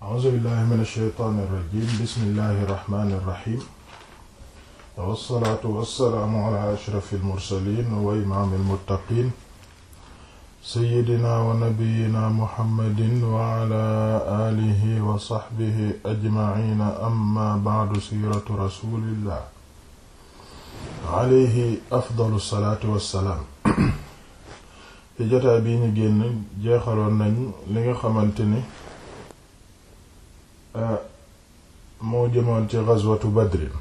a'uuzu billahi min ash-shaytaani irrajim bismillahi irrahmani irrahim wassalaatu wassalaamu ala ashrafi almursalin wa imaami almuttaqin sayyidina wa nabiyyina muhammadin wa ala aalihi wa sahbihi ajmaciina amma ba'du siiratu rasulillah alayhi afdalu salaatu wassalaam ci jotaay bii ñu génn jeexaloon nañ li nga xamante ni Ah, moo jëmoon ci ghazwatu badrin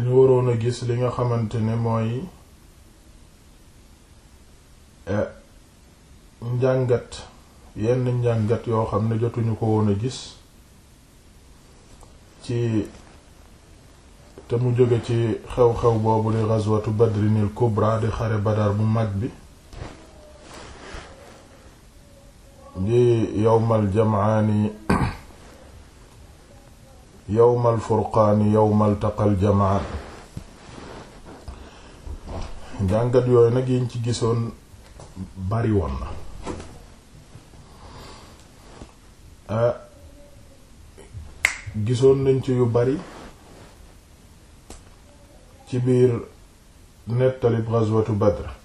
ñu waroon a gis li nga xamante ni mooy eh, njàngat yenn njàngat yoo xam ne jotuñu ko woon a gis ci te mu jóge ci xew-xew boobu di ghazwatu badrinil kubra di xare badar bu mag bi di yowmal jamaani yowmal furqaani yowmal taqal jamaan jàngat yooyu nag yiñ ci gisoon bari woon na gisoon nañ ci yu bari ci biir nettalib ghazwatu Badr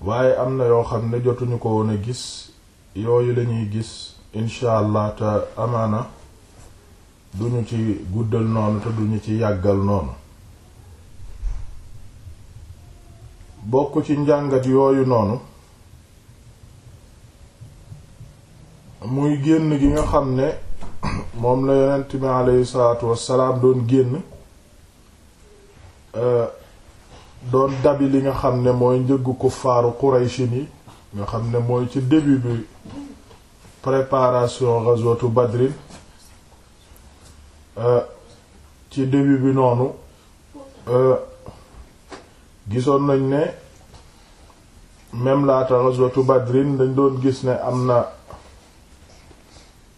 waaye am na yoo xam ne jotuñu ko woon gis yooyu lañuy gis incha allah te amaana duñu ci guddal noonu te duñu ci yàggal noonu bokk ci njàngat yooyu noonu muy génn gi nga xam ne moom la yonent bi aleyhi salaatu wassalaam doon génn euh, doon dabi li nga xam ne mooy njëggu kuffaaru Quraysh ni nga xam ne mooy ci début bi préparation ghazwatu Badr euh, ci début bi noonu euh, gisoon nañ ne même laata ghazwatu Badrin dañ doon gis ne am na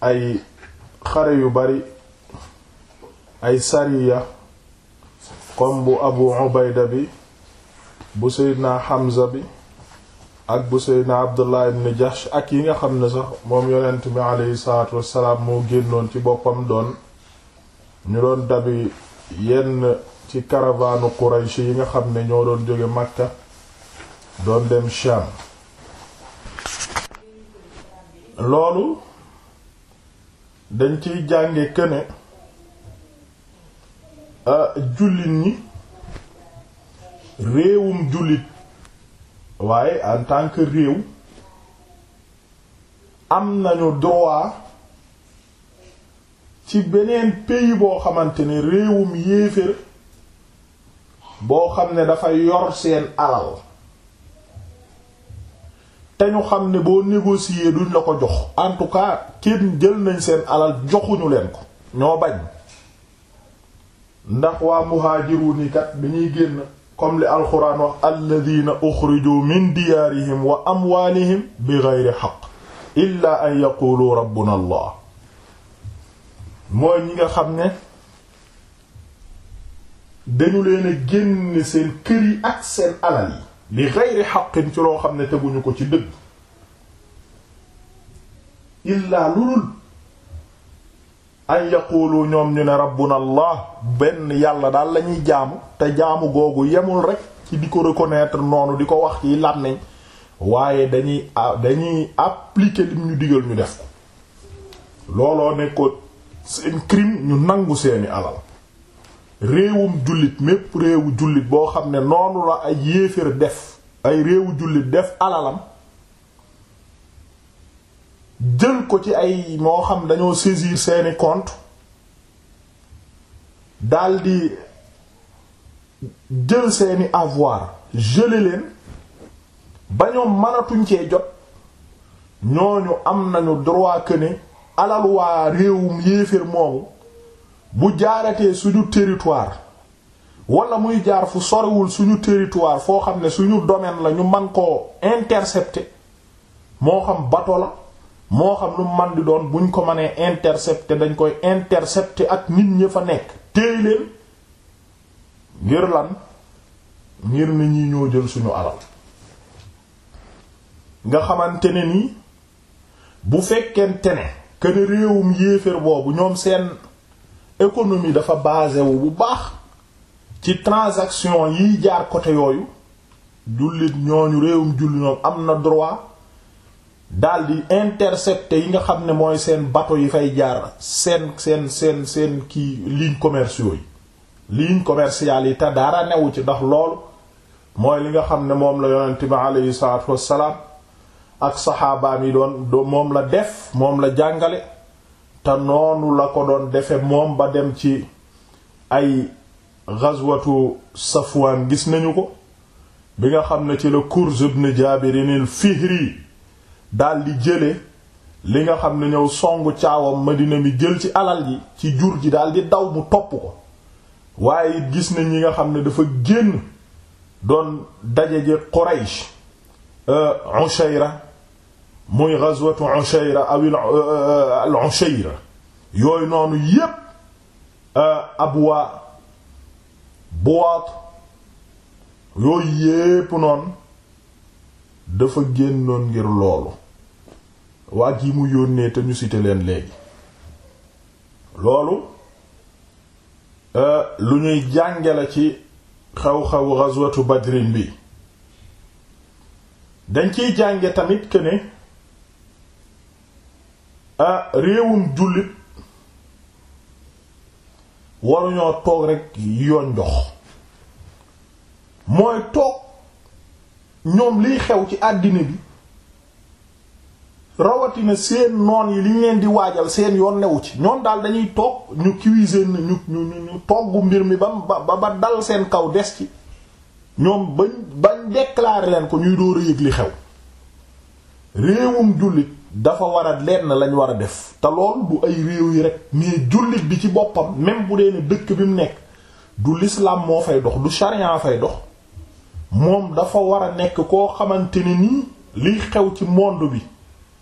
ay xare yu bari ay sariya comme bu Abu Ubayda bi bu seydna Hamza bi ak bu seydna Abdullah ibn ak yi nga xam ne sax moom yonent bi aleyhi salaatu wassalaam moo génnoon ci boppam doon ñu doon dabi yenn ci karavaanu Quraysh yi nga xam ne ñoo doon jóge Makka doon dem Sham loolu dañ ciy jànge këne euh, jullit ñi réewum jullit waaye en tant que réew am nañu droit ci beneen pays boo xamante ne réewum yéefér boo xam ne dafa yor seen alal te ñu xam ne boo négocier duñ la ko jox en tout cas kenn jël nañ seen alal joxuñu leen ko ñoo bañ ndax waa muhaajiru ni kat bi ñuy génn comme li alxuraan wax alladina uxrijuu min diyaarihim wa amwaalihim bi geyri xaq illa an yaqulu rabbuna allah mooy ñi nga xam ne dañu leen a génn seen ak seen alal yi bi geyri xaqin ci loo xam ne teguñu ko ci dëgg illaa lulul an yaqulu ñoom ñu ne rabbuna allah benn yàlla daal lañuy ñuy jaamu te jaamu googu yemul rek ci di ko reconnaître noonu di ko wax ci làmmiñ waaye dañuy dañuy appliquer ñu digal ñu def ko looloo nekkoon seen crime ñu nangu seeni alal réewum jullit mépp réewu jullit boo xam ne noonu la ay yéefér def ay réewu jullit def alalam jël ko ci ay moo xam dañoo saisir seeni dal di jël seeni avoir jële leen ba ñoom mënatuñ cee jot ñooñu am nañu droit que ne alal waa réewum yéeféer moomu bu jaaratee suñu territoire wala muy jaar fu sorewul suñu territoire foo xam ne suñu domaine la ñu man koo intercepter moo xam bato moo xam lu man di doon buñ ko mënee intercepter dañ koy intercepter ak nit ñi fa nekk téy leen ngir lan ngir nit ñi ñoo jël suñu alal nga xamante ne ni bu fekkente ne que ne réewum yéeféer boobu ñoom seen économie dafa basé wu bu baax ci transaction yiy jaar côté yooyu jullit ñooñu réewum jullit ñoom am na droit daal di intercepter yi nga xam ne mooy seen bateau yi fay jaar seen seen seen seen kii ligne commerciaux yi ligne commerciale yi te dara newu ci ndax loolu mooy li nga xam ne moom la yonent bi aleyhi salaatu wassalaam ak saxaabaam yi doon moom la def moom la jàngale te noonu la ko doon defe moom ba dem ci ay ghazwatu Safwaan gis nañu ko bi nga xam ne ci la Kurz ibn Jaabir al-Fihri dal di jële li nga xam ne ñëw songu caawam Madina mi jël ci alal yi ci jur ji dal di daw mu topp ko waaye gis nañ ñi nga xam ne dafa génn doon daje ji Quraysh euh, Ushayra muy ghazwatu Ushayra aw euh, al Ushayra yooyu noonu yépp euh, Abwa Buwaat yooyu yépp noonu dafa génnoon ngir loolu waa ji mu yónnee te ñu cité leen léegi loolu euh, lu ñuy jànge la ci xew-xewu ghazwatu badrin bi dañ ciy jànge tamit que ne euh, réewum jullit waruñoo toog rek yoon jox mooy toog ñoom liy xew ci àddina bi rawatina seen noon yi li ngeen di waajal seen yoon newu ci ñoom daal dañuy toog ñu cuisine ñu ñu ñu togg mbir mi ba ba ba dal seen kaw des ci ñoom bañ bañ déclarer leen ko ñuy door a li xew réewum jullit dafa war a lenn lañ war a def te lool du ay réew yi rek mais jullit bi ci boppam même bu dee ne dëkk bi mu nekk du l'islam moo fay dox du charia fay dox. moom dafa war a nekk koo xamante ne nii liy xew ci monde bi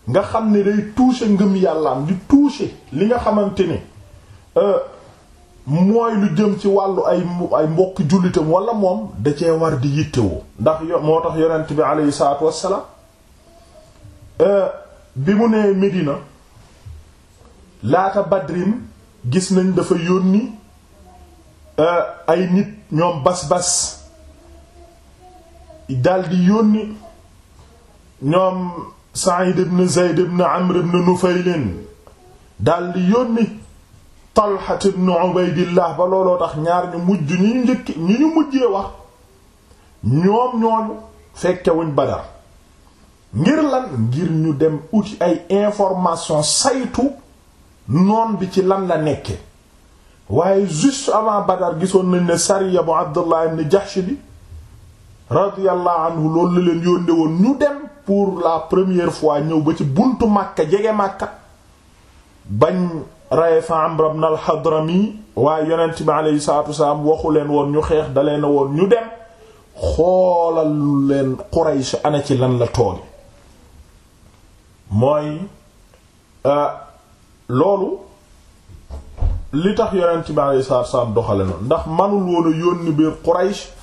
nga xam ne day toucher ngëm yàllaam di toucher li nga xamante ne euh, mooy lu jëm ci wàllu ay ay mbokki jullitam wala moom da cee war di yittewoo ndax yo moo tax yonent bi aleyhi salaatu wassalaam euh, bi mu nee Medina laata Badrin gis nañ dafa yónni euh, ay nit ñoom bas-bas daldi yónni ñoom Sa'id ibn Zayd ibn Amr ibn Nufaylin daldi yónni Talha ibn Ubaydillah ba looloo tax ñaar ñu mujj ñi ñu njëkk ñi ñu mujjee wax ñoom ñooñu fekkewuñ Badar ngir lan ngir ñu dem uti ay information saytu noon bi ci lan la nekke waaye juste avant Badar gisoon nañ ne sariya bu Abdullah ibn Jahsh bi radiyallahu anhu loolu la leen yónde woon ñu dem pour la première fois ñëw ba ci buntu màkk jege Makka bañ raye fa Amr ibn al-Hadrami waaye yonent bi aleyhi salatu wasalaam waxu leen woon ñu xeex dalee na woon ñu dem xoolal leen Quraysh ana ci lan la tooli mooy euh, loolu li tax yonent bi aleyhi salatu wasalaam doxale noonu ndax manul woon a yónni biir Quraysh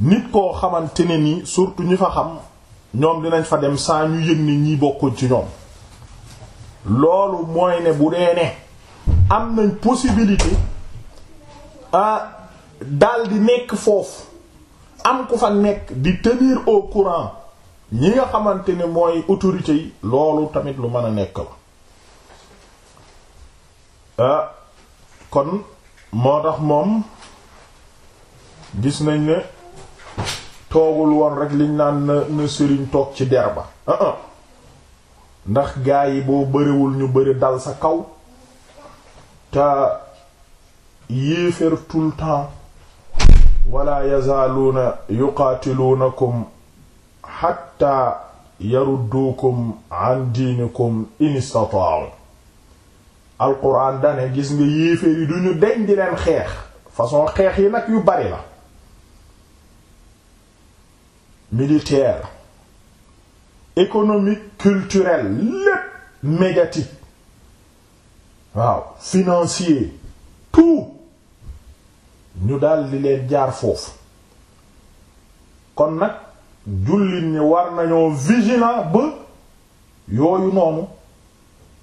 nit koo xamante ne nii surtout ñi fa xam ñoom dinañ fa dem saa ñu yën ni ñi bokkuñ ci ñoom loolu mooy ne bu dee ne am nañ possibilité ah dal nekk foofu am ku fa nekk di tenir au courant ñi nga xamante ne mooy autorité yi loolu tamit lu mën a nekk la ah, kon moo tax moom gis nañ ne toogul woon rek liñ naan na sëriñ toog ci der ba uh-uh. ndax gaa yi boo bëriwul ñu bëri dal sa kaw te yéefér tout le temps wala yazaaluuna yuqaatiluunakum xatta yarudduukum an diinikum in istata'u alquran dane gis nga yéefér yi duñu deñ di leen xeex façon xeex yi nag yu bari la militaire économique culturel lépp médiatique waaw financier tout ñu daldi leen jaar foofu kon nag jullit ñi war nañoo vigilant ba yooyu noonu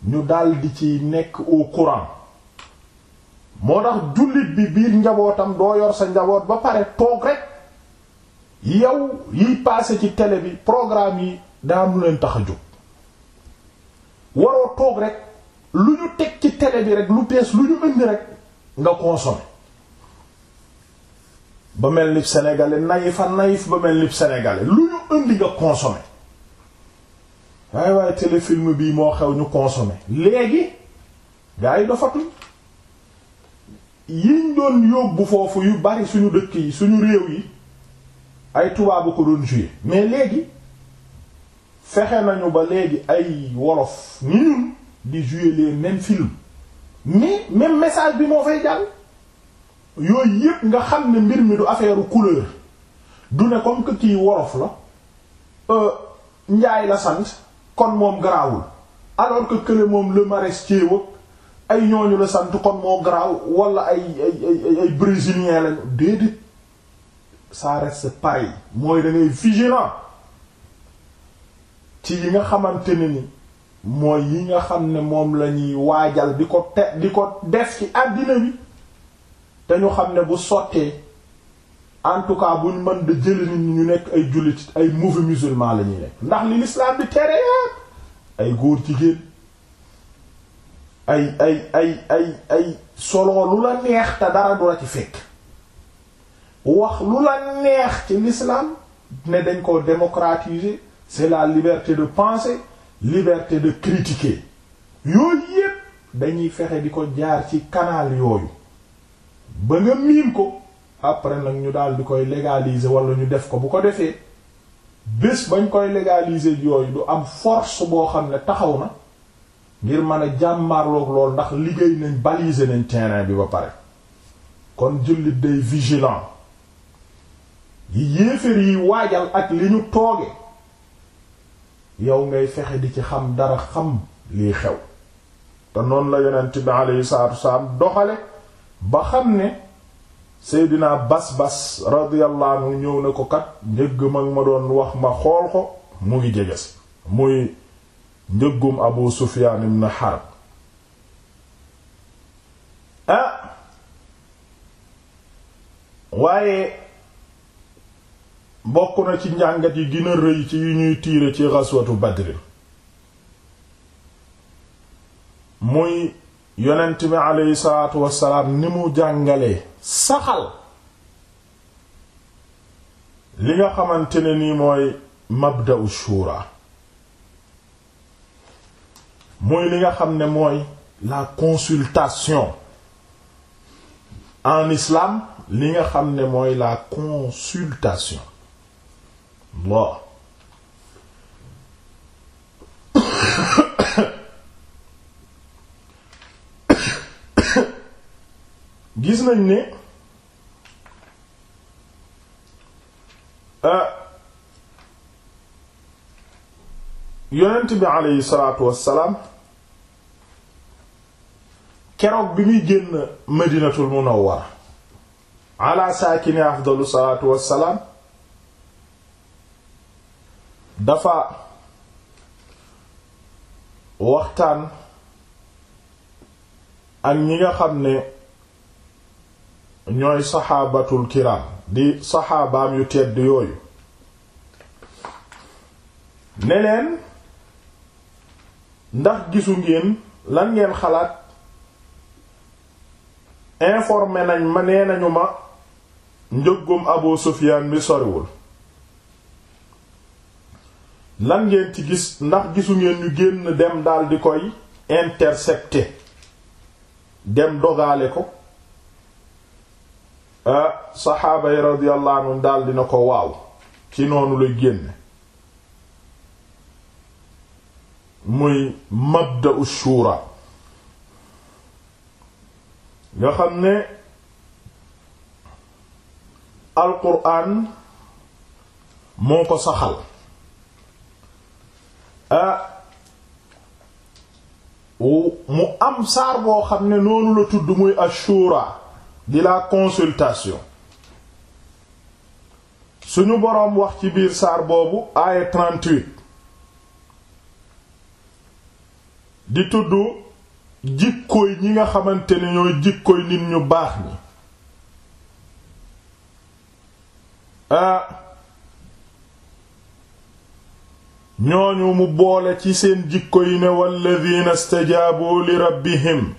ñu daldi ci nekk au courant moo tax jullit bi biir njabootam doo yor sa njaboot ba pare toog rek yow yiy passé ci tele bi programme yi daa am lu leen tax a jóg waroo toog rek lu ñu teg ci tele bi rek lu bees lu ñu indi rek nga consommer ba mel ni sénégalais naïf a naïf ba mel ni sénégalais lu ñu indi nga consommer waaye waaye téléfilm bii moo xew ñu consommer léegi gaa yi dofatuñ yiñ doon yóbbu foofu yu bari suñu dëkk yi suñu réew yi ay tubaabu ko doon jouer mais léegi fexe nañu ba léegi ay wolof ni ñun di jouer les mêmes films mais même message bi moo fay jàll yooyu yépp nga xam ne mbir mi du affaire couleur du ne comme que kii wolof la euh, njaay la sant kon moom garaawul alors que kële moom le maraîcher wëg ay ñooñu la sant kon moo garaaw wala ay ay ay brésilien lañu déedéet ça reste pareil mooy da ngay vigilant ci yi nga xamante ne ni mooy yi nga xam ne moom la ñuy waajal di ko di ko def ci àddina bi te xam ne bu sottee en tout cas buñ mën da jëli ñu nekk ay jullit ay mauvais musulman la ñuy nekk ndax li l'islam bi tere ay góor jigéen ay ay ay ay ay soloo lu la neex te dara du la ci fekk wax lu la neex ci l'islam ne dañ ko démocratiser c'est la liberté de penser liberté de critiquer yooyu yépp dañuy fexe di ko jaar ci canal yooyu ba nga miin ko après nag ñu daal di koy légaliser wala ñu def ko bu ko defee bés bañ koy légaliser yooyu du am force boo xam ne taxaw na ngir mën a jàmmarloog lool ndax liggéey nañ baliser nañ terrain bi ba pare kon jullit day vigilant gi yi waajal ak li ñu tooge yow ngay fexe di ci xam dara xam lii xew te noonu la yonent bi aleyhi salatu wasalaam doxale ba xam ne seydina bas-bas radiyallahu anhu ñëw na ko kat njëgg mag ma doon wax ma xool ko mu ngi jege si muy njëggum abu sufyan ibn harb ah. waaye bokk na ci njàngat yi gën rëy ci yu ñuy tiire ci ghazwatu Badr muy yonent bi aleyhi salaatu wassalaam ni mu jàngalee saxal li nga xamante ni mooy mabda'u shura mooy li nga xam ne mooy la consultation en islam li nga xam ne mooy la consultation Allah gis nañ ne ah, yonent bi aleyhi salaatu salaam keroog bi muy génn madinatul munawwara ala saakini afdalu salaatu salaam dafa waxtaan ak ñi nga xam ne ñooy saxaabatul kiram di saxaabaam yu tedd yooyu ne ndax gisu ngeen lan ngeen xalaat informé nañ ma nee nañu ma njëggum Abu Sufyaan bi soriwul lan ngeen ci gis ndax gisu ngeen ñu génn dem daal koy intercepter dem dogale ko ah saxaaba yi radiyallahu anhum daal ko waaw ci noonu luy génn muy mabda'u shura nga xam ne alquran moo ko saxal Ah. mu am saar boo xam ne noonu la tudd muy ashura di la consultation suñu boroom wax ci biir saar boobu aaya di tudd jikkoy ñi nga xamante ne ñooy jikkoy nit ñu baax ñi ah. ñooñu mu boole ci seen jikko yi ne walladina stajaabu li rabbihim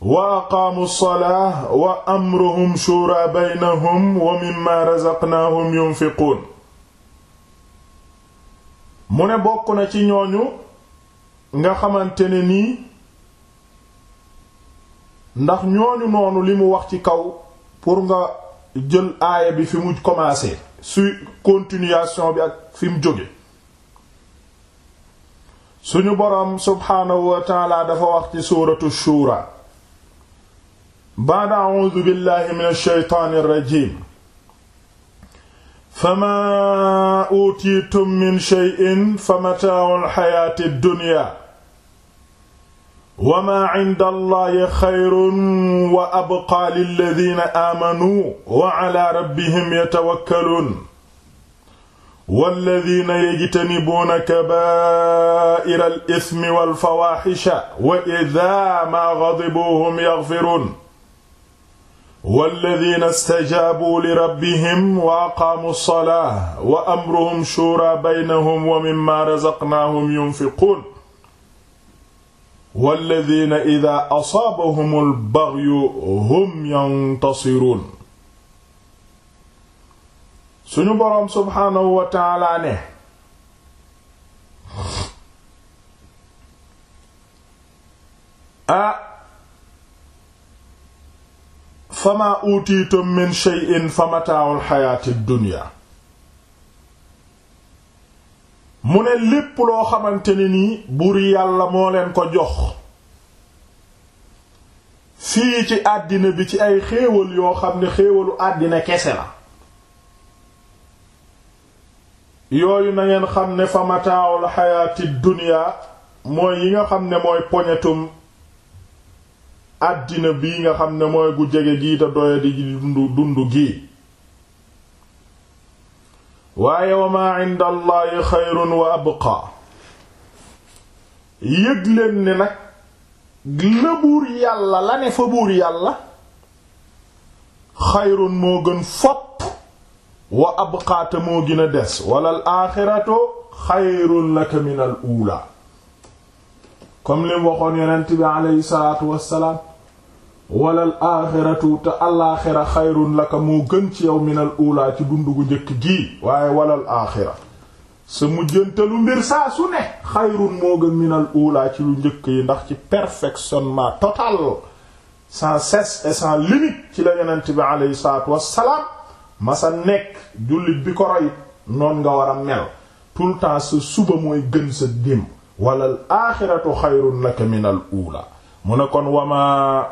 wa aqaamu salaa wa amruhum shura baynahum wa mimma razaqnaahum yunfiquun mu ne bokk na ci ñooñu nga xamante ne nii ndax ñooñu noonu li mu wax ci kaw pour nga jël aaya bi fi mu commencé su continuation bi ak fi mu suñu boroom subhaanahu wa taala dafa wax ci suuratu shuura ba'da a'uudu billahi min ash-shaytaani ar famaa uutiitum min shay'in fa mataa'u al wa maa inda allahi xayrun wa abqaa lilladina aamanuu wa ala rabbihim yatawakkaluun walladina yajtanibuuna kabaa'ira al-ismi wal-fawaahisha wa idaa maa gadibuu hum yagfiruun walladina stajaabuu lirabbihim wa aqaamuu as-salaata wa amruhum shuuraa baynahum wa mimmaa razaqnaahum yunfiquun walladina ida asaabahum albaghyu hum yantasiruun suñu boroom subhaanahu wa taala ne a ah, famaa utiitum min shay'in fa mataaul xayaati dunya mu ne lépp loo xamante ne nii buur yàlla moo leen ko jox fii ci àddina bi ci ay xéewal yoo xam ne xéewalu àddina kese la yooyu na ngeen xam ne fa mataawul xayaati dunya mooy yi nga xam ne mooy poñetum àddina bii nga xam ne mooy gu jege gii te doya di dund dund gii waaye wa maa inda allahi xayrun wa abqaa yëg leen ne nag la buur yàlla la ne fa buur yàlla xayrun moo gën fopp wa abqaa te moo gën a des wala al axiratu xayrun laka min al uulaa comme lim waxoon yonent bi aleyhi salaatu wassalaam walal aaxiratu te alaaxira xayrun laka moo gën ci yow minal uulaa ci dundu gu njëkk gii waaye walal aaxira sa mujjantalu mbir saa su ne xayrun moo gën minal uulaa ci lu njëkk yi ndax ci perfectionnement total sans cesse et sans limite ci la yonent bi aleyhi salaatu wassalaam masa nekk jullit bi ko roy noon nga war a mel tout sa suba mooy gën sa démb walal aaxiratu xayrun laka minal uulaa mu ne kon wamaa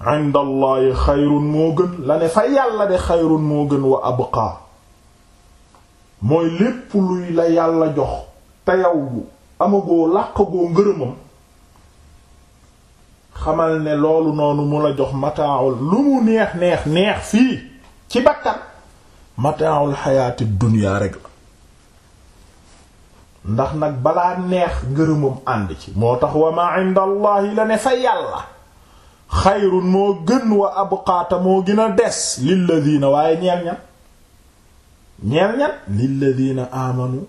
inda allahi xayrun moo gën la gën wa abqaa mooy yàlla jox te yow amagoo làqagoo ngërëmam xamal ne loolu noonu mu la jox mataaul lu mu neex neex neex fii ci bakkan mataaul xayaati dunya rek la ndax nag balaa neex ngërëmam ànd ci moo tax wa ma inda la ne fa yàlla xayrun moo gën wa abqaata moo gën a des lilladina waaye ñeel ñan ñeel ñan lilladina amanu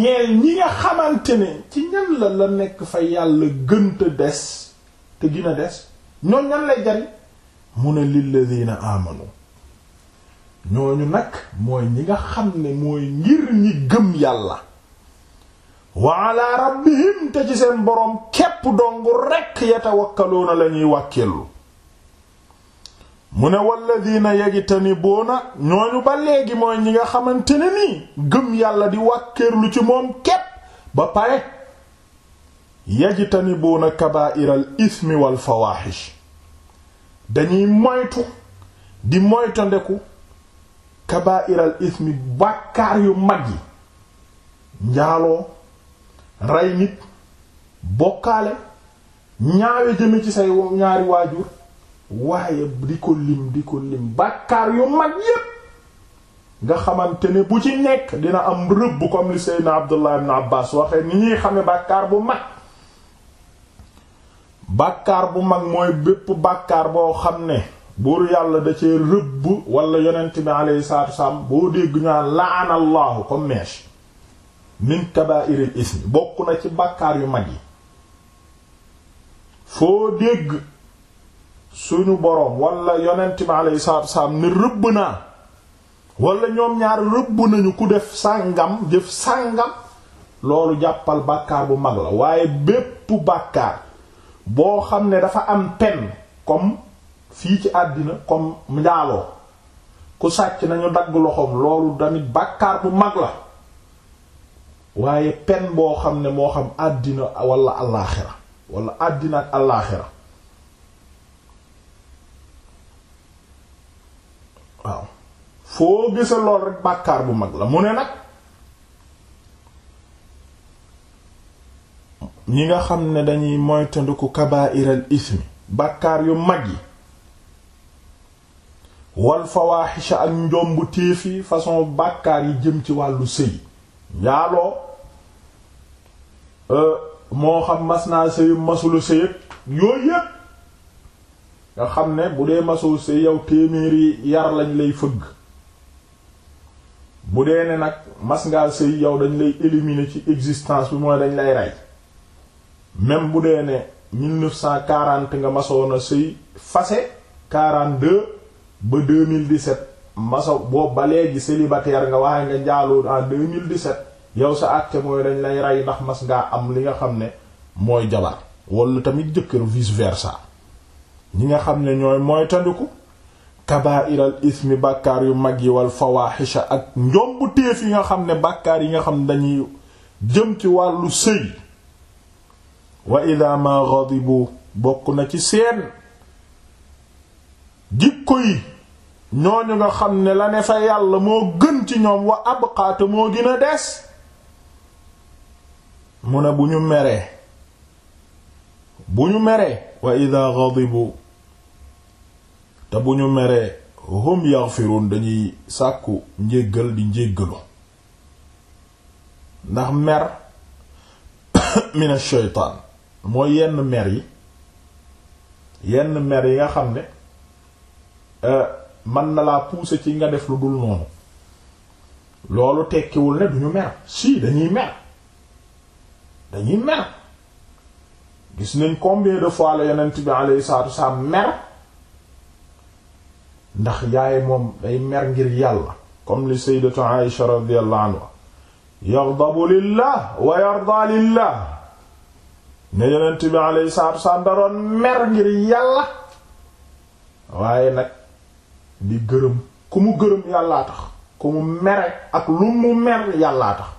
ñeel ñi nga xamante ne ci ñan la la nekk fa yàlla gën te des te gën a des ñoo ñan lay jari mu ne lilladina amanu ñooñu nag mooy ñi nga xam ne mooy ngir ñi gëm yàlla wa ala rabbihim te ci seen boroom képp dong rekk yatawakkaluuna la ñuy wàkkillu mu ne walladina yajtanibuuna ñooñu ba léegi mooy ñi nga xamante ne nii gëm yàlla di wàkkirlu ci moom képp ba pare yajtanibuuna kabaa'iral ismi wal fawaahish dañuy moytu di moyta ndeku kabaa'iral ismi bàkkaar yu mag yi njaaloo rey nit bokkaale ñaawe jëme ci say ñaari waajur waaye di ko lim di ko lim bàkkaar yu mag yépp nga xamante ne bu ci nekk dina am rëbb comme li Seydina Abdullah ibn Abbas waxee ni ñuy xame bàkkaar bu mag bàkkaar bu mag mooy bépp bàkkaar boo xam ne buur yàlla da cee rëbb wala yonent bi alayhi salaatu wasalaam boo dégg ñu naan la'ana Allahu min kabaa'iril ismi bokk na ci bàkkaar yu mag yi foo dégg suñu boroom wala yonent bi alayhi salaatu wasalaam ne rëbb naa walla ñoom ñaar rëbb nañu ku def sàngam jëf sàngam loolu jàppal bàkkaar bu mag la waaye bépp bàkkaar boo xam ne dafa am pen kom fii ci àddina kom njaaloo ku sàcc nañu dagg loxoom loolu tamit bàkkaar bu mag la waaye pen boo xam ne moo xam àddina wala allaaxira walla àddina ak allaaxira waaw foo gisa lool rek bàkkaar bu mag la mu ne nag ñi nga xam ne dañuy moytandiku kabaa'iral ismi bàkkaar yu mag yi wal fawaaxisha ak njombu téef façon bàkkaar yi jëm ci wàllu sëy njaaloo Euh, moo xam mas naa sëyëg masula sëyëg yooyu yépp nga xam ne bu dee masoo sëy yow yi yar lañ lay fëgg bu dee ne nag mas ngaa sëy yow dañ lay éliminer ci existence bi mooy dañ lay rey même bu dee ne 1940 nga masoona sëy fase 42 ba 2017 maso boobu ba léegi célibataire nga waaye nga njaaloo en 2017 yow sa àtte mooy dañ lay rey ndax mas ngaa am li nga xam ne mooy jabar wala tamit jëkkër vice versa ñi nga xam ne ñooy mooy tandiku kabairal ismi bàkkaar yu mag yi wal fawahisha ak njomb téef yi nga xam ne bàkkaar yi nga xam ne dañuy jëm ci wàllu sëy wa ida ma bokk na ci seen jikko yi ñooñu nga xam ne la ne fa yàlla moo gën ci ñoom wa abqaata moo gën a des mu ne bu ñu meree bu ñu meree wa ida ghadibu te bu ñu meree hum yaghfirun dañuy sàkku njéggal di njéggalu ndax mer min ash-shaytaan mooy yenn mer yi yenn mer yi nga xam ne euh, mën na laa pousser ci nga def lu dul noonu loolu tekkiwul ne duñu mer si dañuy mer dañuy mer gis nañ combien de fois la yonent bi alayhi salaatu wasalaam mer ndax yaay moom day mer ngir yàlla comme li sayyidatu Aïsha radiyallahu anha yaghdabu lillah wa yarda lillah ne yonent bi alayhi salaatu wasalaam da mer ngir yàlla waaye nag di gërëm ku mu gërëm yàllaa tax ku mu mere ak lu mu mer yàllaa tax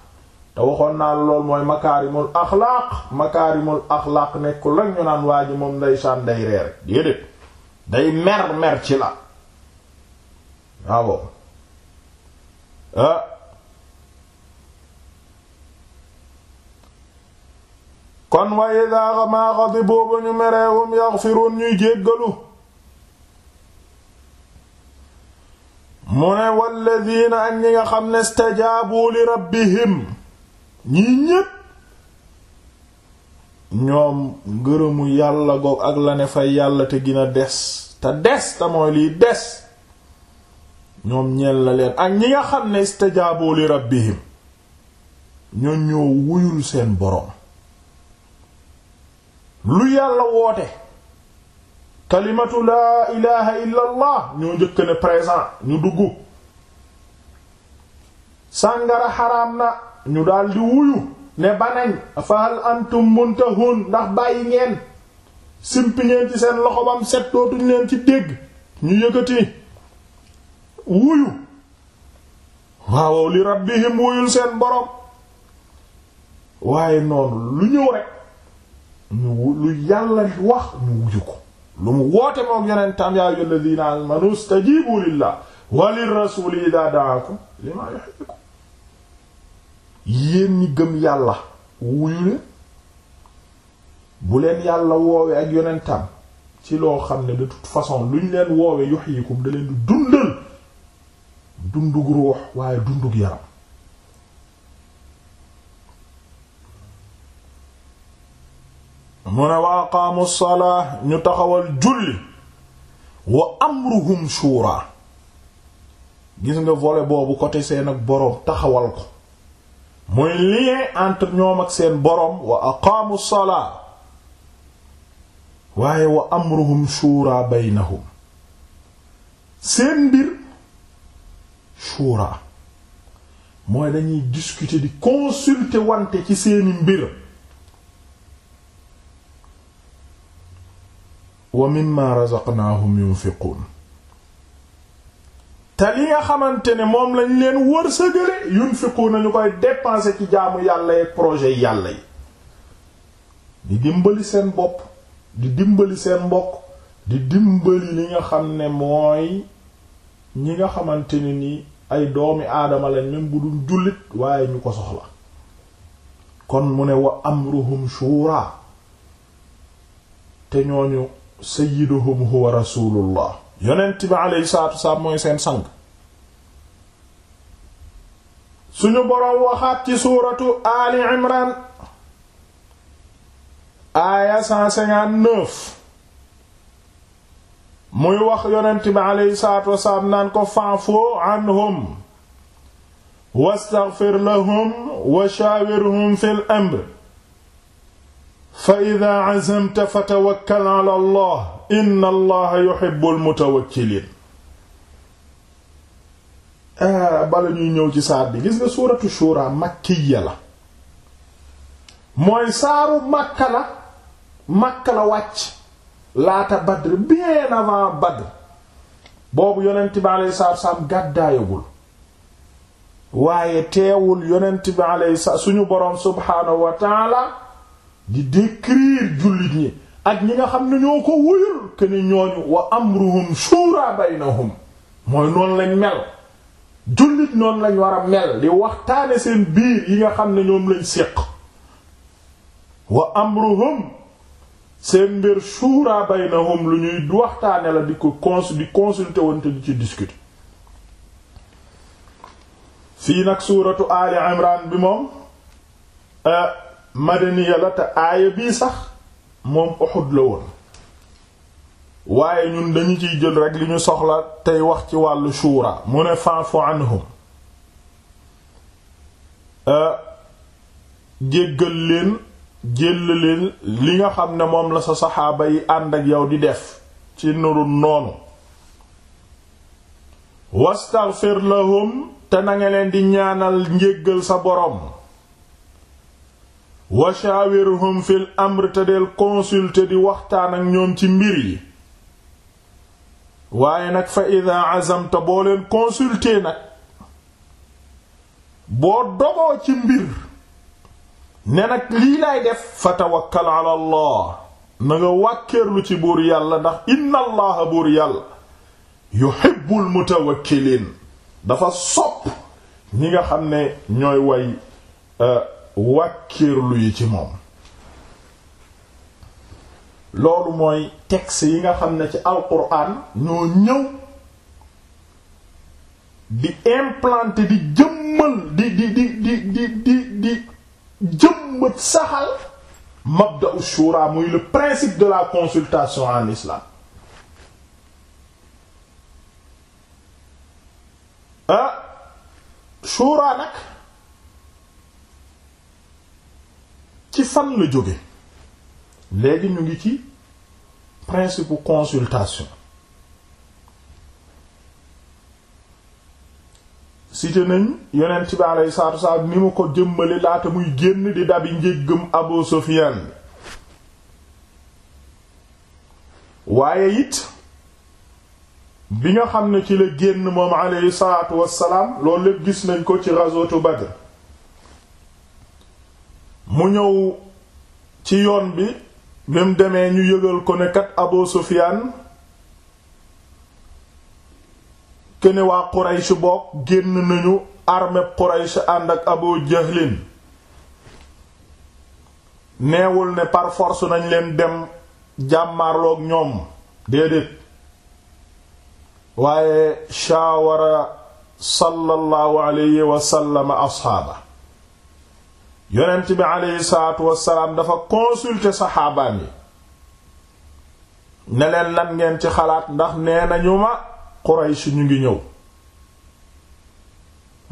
te waxoon naa lool mooy makaarimul axlaaq makaarimul axlaaq nekkul rek ñu naan waa ji moom ndeysaan day ree rek déedéet day mer mer ci la waaw ah. kon waaye daa maa xati boobu ñu mereewum yaxfiruun ñuy jéggalu mu ne walladiina ak ñi nga xam ne stajaabu rabbihim ñii ñépp ñoom ngërëmu yàlla goog ak la ne fay yàlla te gina des te des te mooy des ñoom ñeel la leen ak ñi nga xam ne istajaaboo li rabbihim ñoo ñoo wuyul seen boroom lu yàlla woote kalimatu laa ilaha illa ñoo njëkk ne présent ñu dugg sàngara xaraam na ñu daldi wuyu ne banañ fahal antum muntahun ndax bàyyi ngeen simpi ngeen ci seen loxo bam set dootuñ leen ci dégg ñu yëkkati wuyu waaw li rabbihim wuyul seen borom waaye noonu lu ñëw rek ñu lu yàlla wax ñu wuyu ko lu mu woote moom yonentam yaa ayyuhal ladina amanu stajibu lillah wa lirrasuli idha da'akum lima yuhyikum yéen ñi gëm yàlla wuyu bu leen yàlla woowee ak yonentam ci loo xam ne de toute façon luñ leen woowe yuhyikum da leen di dundal dundug ruux waaye dundug yaram mu ne wa aqaamu salaa ñu taxawal julli wa amruhum shura gis nga volet boobu côté seen ak boroom taxawal ko mooy lien entre ñoom ak seen boroom wa waaye wa amruhum shura baynahum seen mbir shura mooy dañuy discuter di consulter wante ci seeni mbir wa mimma razaqnaahum yunfiqun te li nga xamante ne moom lañ leen wërsëgale yunfiquuna nañu koy dépenser ci jaamu yàlla yi projet yàlla yi di dimbali seen bopp di dimbali seen mbokk di dimbali li nga xam ne mooy ñi nga xamante ne ni ay doomi aadama lañ même bu dul jullit waaye ñu ko soxla kon mu ne wa amruhum shura te ñooñu sayyiduhum huwa rasulullah yonent bi alayhi salaatu wasalaam mooy seen sang suñu boroom waxaat ci suuratu Ali Imran muy wax yonent bi alayhi salaatu naan ko fa'fu anhum wastaghfir lahum wa shawirhum fil amr fa idha azamta fatawakkal ala Allah inna allaha yuhibbul mutawakkilin ah, bala ñuy ñëw ci saar bi gis nga suuratu shura makkiya la mooy saaru makka la makka la wàcc laata badr bien avant badr boobu yonent bi alayhi salaatu gàddaayagul waaye teewul yonent bi suñu boroom subhaanahu wa di décrire jullit ñi ak ñi nga xam ne ñoo ko wuyul ke ni wa amruhum shura baynahum mooy noonu lañ mel jullit noonu lañ war a mel di waxtaane seen biir yi nga xam ne ñoom lañ séq wa amruhum seen mbir shura baynahum lu ñuy waxtaane la di ko cons wante di ci discuter fii nag suuratu ali imran bi moom eh, madaniya la te aaya bii sax moom Uhud la woon waaye ñun dañu ciy jël rek li ñu soxla tey wax ci wàllu shura mu ne fa'fu anhum euh, jéggal leen jéll leen li nga xam ne moom la sa saxaaba yi ànd ak yow di def ci nuru noonu wastaghfir te na leen di ñaanal njéggal sa boroom wa shawirhum fil amr te del consulter di waxtaan ak ñoom ci mbir yi waaye nag fa ida azamta boo leen consulter nag boo dogoo ci mbir ne nag lii def fa tawakkal ala allah na nga wàkkeerlu ci buur yàlla ndax inna allaha buur yàlla yuhibbul mutawakkiliin dafa sopp ñi nga xam ne ñooy way euh, wàkkiirlu yi ci moom loolu mooy texte yi nga xam ne ci alquran ñoo ñëw di implanter di jëmmal di di di di di di di jëmbat saxal mabda ushura muy le principe de la consultation en islam ah, shura nag ci fan la jóge léegi ñu ngi ci principe consultation cité nañ yonent bi alayhi salaatu salaam ni mu ko jëmmale laata muy génn di dabi njéggam Abu Sufyaan waaye it bi nga xam ne ci la génn moom alayhi salaatu wassalaam loolu lépp gis nañ ko ci ghazwatu Badr mu ñëw ci yoon bi bi demee ñu yëgal ko ne kat Abu Sufyaan kene waa Quraysh bokk génn nañu armée Quraysh ànd ak Abu Jahlin neewul ne par force nañ leen dem jàmmarloog ñoom déedéet waaye shawara sallallahu alayhi wa sallam asxaaba yonent bi aleyhi salaatu wassalaam dafa consulter saxaabaan yi ne leen ngeen ci xalaat ndax nee nañu ma Quraysh ñu ngi ñëw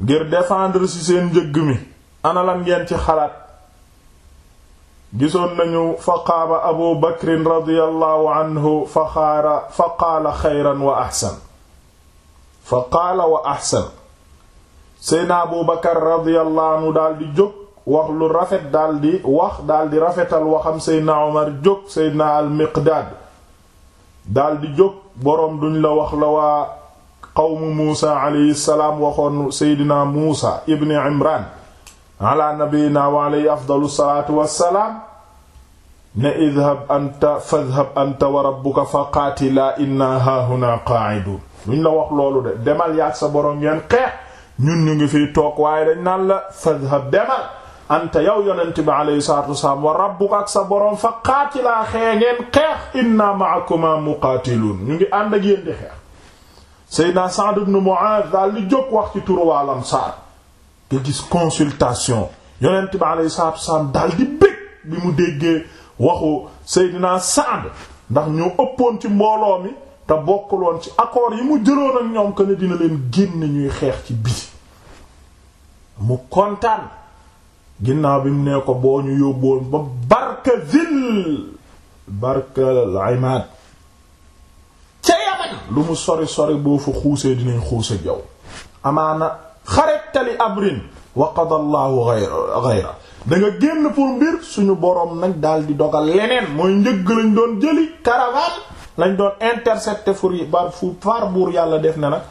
ngir défendre ci seen njëgg mi ana lan ngeen ci xalaat gisoon nañu fa qaama abu bakrin radiyallahu anhu fa xaara fa qaala xayran wa axsan fa qaala wa axsan seyna abu bakar radiyallahu daldi jóg wax lu rafet daldi wax daldi di rafetal waxam seydna omar jóg seydna al jóg boroom duñ la wax la waa qawmu muusa alayhi salaam waxoon seydna muusa ibn imran ala nabiyina wa alayhi afdalu salaatu wassalaam ne idhab anta fadhhab anta wa rabbuka fa qaatilaa inna haahuna qaa'iduun duñ la wax loolu demal yaag sa boroom ngeen xeex ñun ñu ngi fi toog waay dañ naan la fadhhab demal anta yow yonent bi alayhi salaatu wasalaam wa rabbuka ak sa borom fa qaatilaa xee ngeen xeex inna ma'akuma muqaatiluun ñu ngi ànd ak yéen di xeex Seydina Sa'd ibn Mu'adh daal li jóg wax ci turu waa Ansaar gis consultation yonent bi alayhi salaatu wasalaam daal di bég bi mu déggee waxu Seydina Sa'd ndax ñu ëppoon ci mbooloo mi te bokkuloon ci accord yi mu jëloon ak ñoom que ne dina leen génn ñuy xeex ci biti mu kontaan ginnaaw bi mu nee ko boo ñu yóbboon ba barka zil barkal imaad ca yaman lu mu sori sori boo fa xuusee dinañ xuuse jaw amaana xarettali abrin wa qada allahu ghayra da génn pour mbir suñu boroom nag daal di dogal leneen mooy njëgg lañ doon jëli caravane lañ doon intercepter fur bar fu far buur yàlla def na nag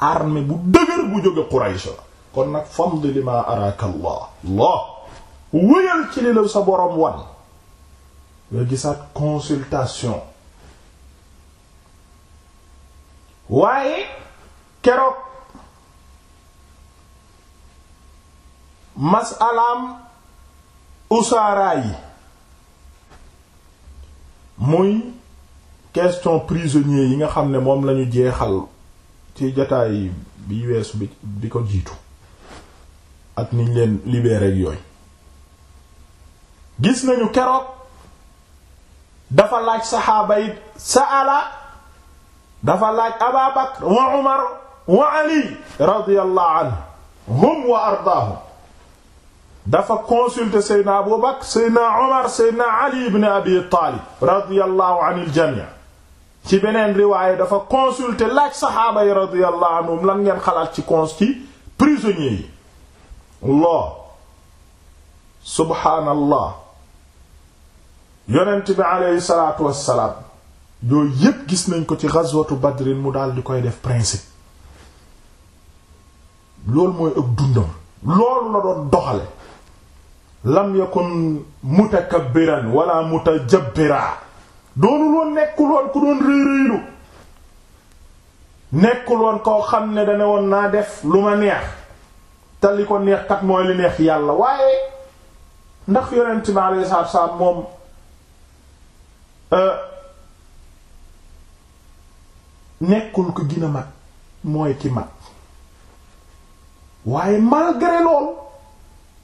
armée bu dëgër bu jóge Quraysh kon nag famd lima araka allah allah wéyal ci li la sa boroom wan nga gisaat consultation waaye keroog masalaam usaara yi muy question prisonnier yi nga xam ne moom lañu jeexal ci jataay bi weesu bi ko jiitu ak niñ leen libéré ak yooyu gis nañu keroog dafa laaj saxaaba yi sa'ala dafa laaj Aba Bakr wa Umar wa Ali radiyallahu anhum wa ardaahum dafa consulter Seydina Abu Bakr Seydina Umar Seydina Ali ibn Abi Taalib radiyallahu anil jamii ci beneen riwaaye dafa consulter laaj saxaaba yi radiyallahu lan ngeen xalaat ci cons ci prisonniers yi Allah subhaanallah yonent bi aleyhi salaatu wassalaam yooyu yépp gis nañ ko ci ghazwatu badrin mu daal di koy def principe loolu mooy ëpp dundam loolu la doon doxale lam yakun mutakabbiran wala mutajabbira doonul woon nekkul woon ku doon rëy rëylu nekkul woon koo xam ne dane woon naa def lu ma neex te li ko neex kat mooy li neex yàlla waaye ndax yonent bi aleyhi salaatu moom Euh, nekkul ko gën a mooy ci mat waaye malgré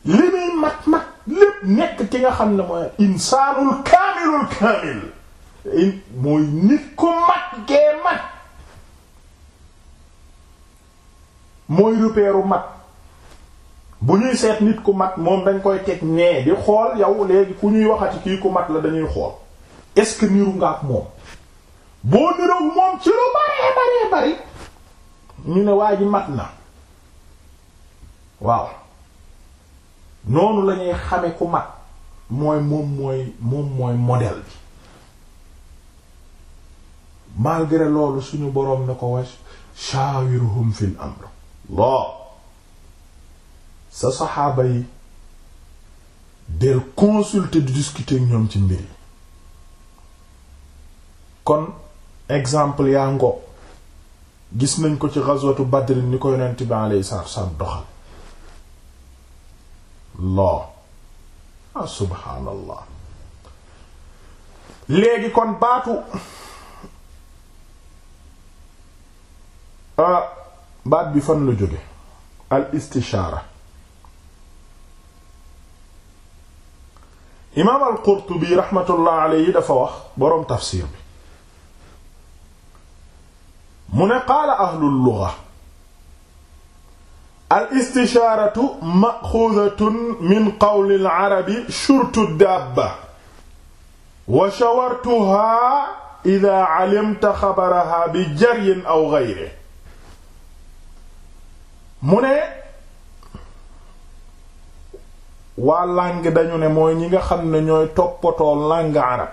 li muy mat mat lépp nekk ki nga xam ne mooy insaanul kaamilul kaamil mooy nit ku mat gee mat mooy repéru mat bu ñuy seet nit ku mat moom dañ koy teg nee di xool yow léegi ku ñuy waxati kii ku mat la dañuy xool est-ce que niru nga ak moom boo niroog moom ci lu baree baree bari ñu ne waa ji mat na waaw noonu la xame ku mat mooy moom mooy moom bi malgré loolu suñu boroom na ko wax shawirhum fil amr loo sa saxaaba yi del consulter di discuter ñoom ci mbir kon exemple yaa ngo gis nañ ko ci ghazwatu Badr ni ko yonent bi alayhi salaatu wassalaam doxal loo ah subhaanallah léegi kon baatu ah, baat bi fan la jóge al istishaara imaam al Qurtubi raxmatullahi alayhi dafa wax boroom tafsiir bi mu ne qaala ahlul luga al istishaaratu maxudatun min qawlil arabi shurtu dabba wa shawartuhaa idaa alimta xabarahaa bi jaryin aw gayre mu ne waa langue dañu ne mooy ñi nga xam ne ñooy toppatoo langue arab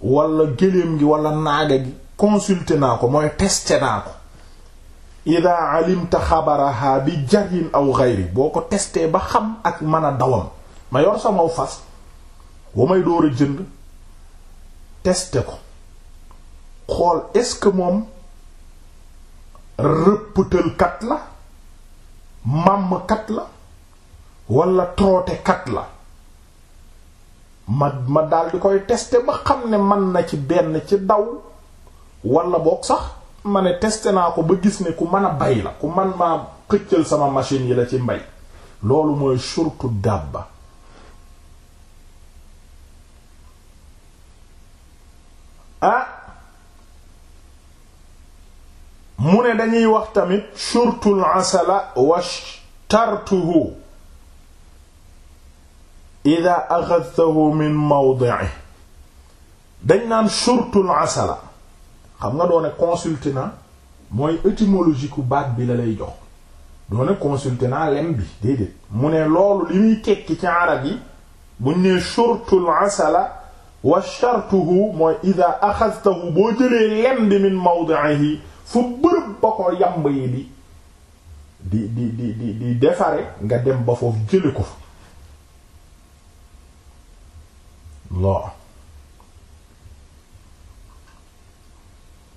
walla géléem gi wala naaga gi consulté naa ko mooy testé naa ko ida alimta xabaraha bi jarin aw xayri boo ko testé ba xam ak mën a dawam ma yor samaw fas wa may door a jënd testé ko xool est-ce que moom rëppëtalkat la màmmkat la wala trootekat la ma ma daal di koy teste ba xam ne man na ci benn ci daw walla boog sax ma ne tester naa ko ba gis ne ku mën a bay la ku man ma xëccal sama machine yi la ci mbay loolu mooy surtout ba ah mu ne dañuy wax tamit surtout asala washtartuhu ida axadtahu min mawdi'i dañ naan shurtul asala xam nga doone consulté na mooy étymologie ku baat bi la lay jox doone consulté naa lem bi déedéet mu ne loolu li muy tekki ci arab yi buñ nee shurtul asala wa shartuhu mooy ida axadtahu boo jëlee lem bi min mawdi'ihi fu bërëb ba ko yamb yi di di di di di di defare nga dem ba foofu jële ko lo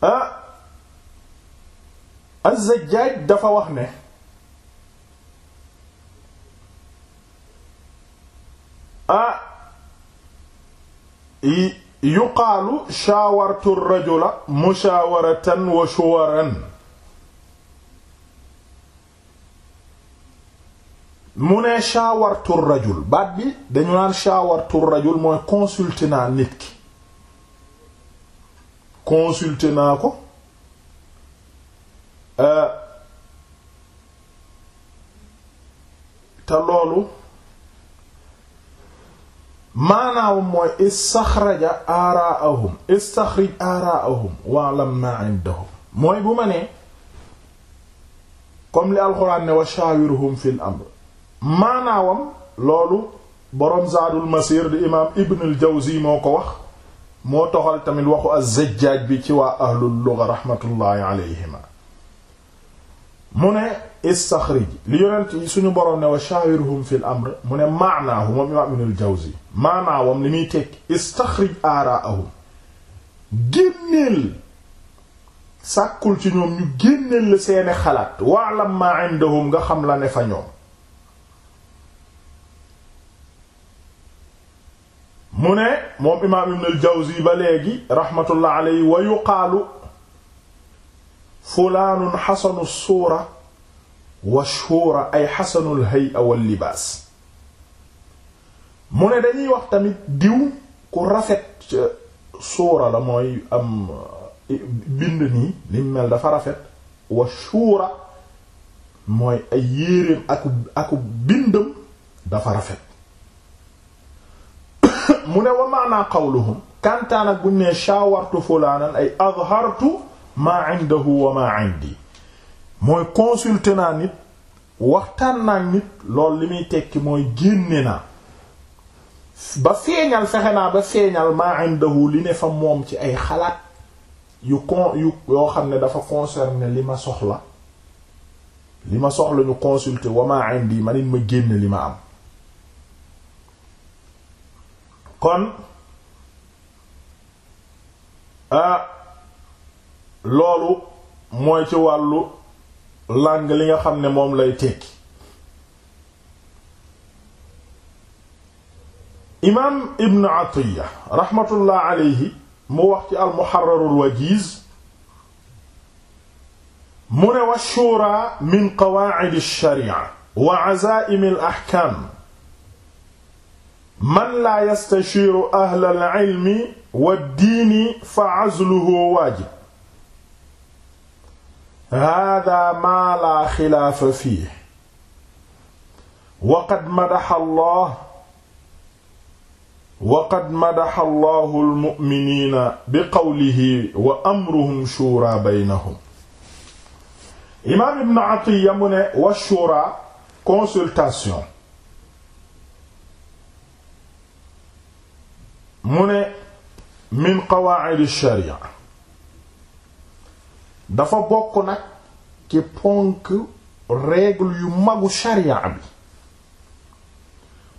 ah Az-Zajjaaj dafa wax ne ah yuqaalu shaawartu rajula mushawaratan wa shuwaran mu ne shawartu rajul baat bi dañu naan shawartu rajul mooy consulter naa nit ki consulter naa ko euh, te loolu maanaam mooy istaxraja aaraahum istaxrij aaraahum wa'lam ma indahum mooy bu ma nee comme li alxuraan ne wa shaawirhum fil amr maanaawam loolu boroom zaadul masir di imaam ibn al moo ko wax moo toxal tamit waxu az-zajjaaj bi ci waa ahlul lugha raxmatullaahi mu ne istaxrij li yonent yi suñu boroom ne wa shawirhum fil amr mu ne maanaawam li muy tekki istaxrij aaraahum génneel sàkkul ci ñoom ñu génneel la seeni xalaat waalam maa indahum nga xam la ne fa ñoom mu ne moom imaam ibn al-Jawzi ba léegi raxmatullah alayhi wa yuqaalu fulaanun suura wa shuura ay xasanul hay'a wal libaas mu ne dañuy wax tamit diw ku rafet suura la mooy am eh, bind nii li mel dafa rafet wa shuura mooy ay aku aku dafa rafet mu ne wa maana qawluhum kantaan ak buñ ne shawartu fulaanan ay azhartu maa indahu waxtaan naa lool li muy tekki mooy génne ba feeñal fexe ci ay xalaat yoo xam ne dafa concerné li ma soxla li ma soxla ñu consulté wa ma nit ma génne li ma am kon loolu mooy ci wàllu langue li nga xam ni moom lay tekki imaam ibn atiya raxmatullah aleyhi mu wax ci al mu ne wa shura min qawaacidi sharia wa azaa'im al axkaam man laa yastashiiru ahlal ilmi wa diini fa azluhu waajib hada maa laa xilaafa fii waqad madaxa allah waqad madaxa allahu almu'miniina bi qawlihi wa amruhum shuuraa baynahum imaam ibn Atiyya mu ne wa shuuraa consultation mu ne min qawaa'id sharia dafa bokk nag ci ponk règle yu magu sharia bi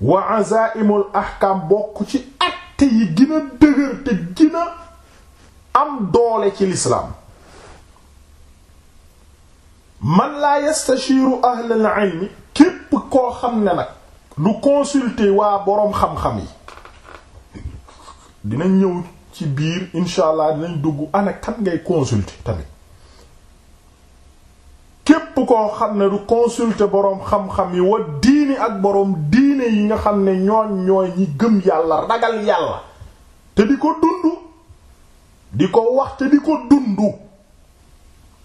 wa azaimul ahkaam bokk ci acte yi gën a dëgër te gën am doole ci lislaam man laa yastachiru ahlal ilmi képp koo xam ne nag du consulter waa boroom xam-xam yi dinañ ñëw ci biir incha allah dinañ dugg ana kan ngay consulter tamit képp koo xam ne du consulter boroom xam-xam yi wa diini ak boroom diine yi nga xam ne ñooñ ñooy ñi gëm yàlla ragal yàlla te di ko dund di ko wax te di ko dund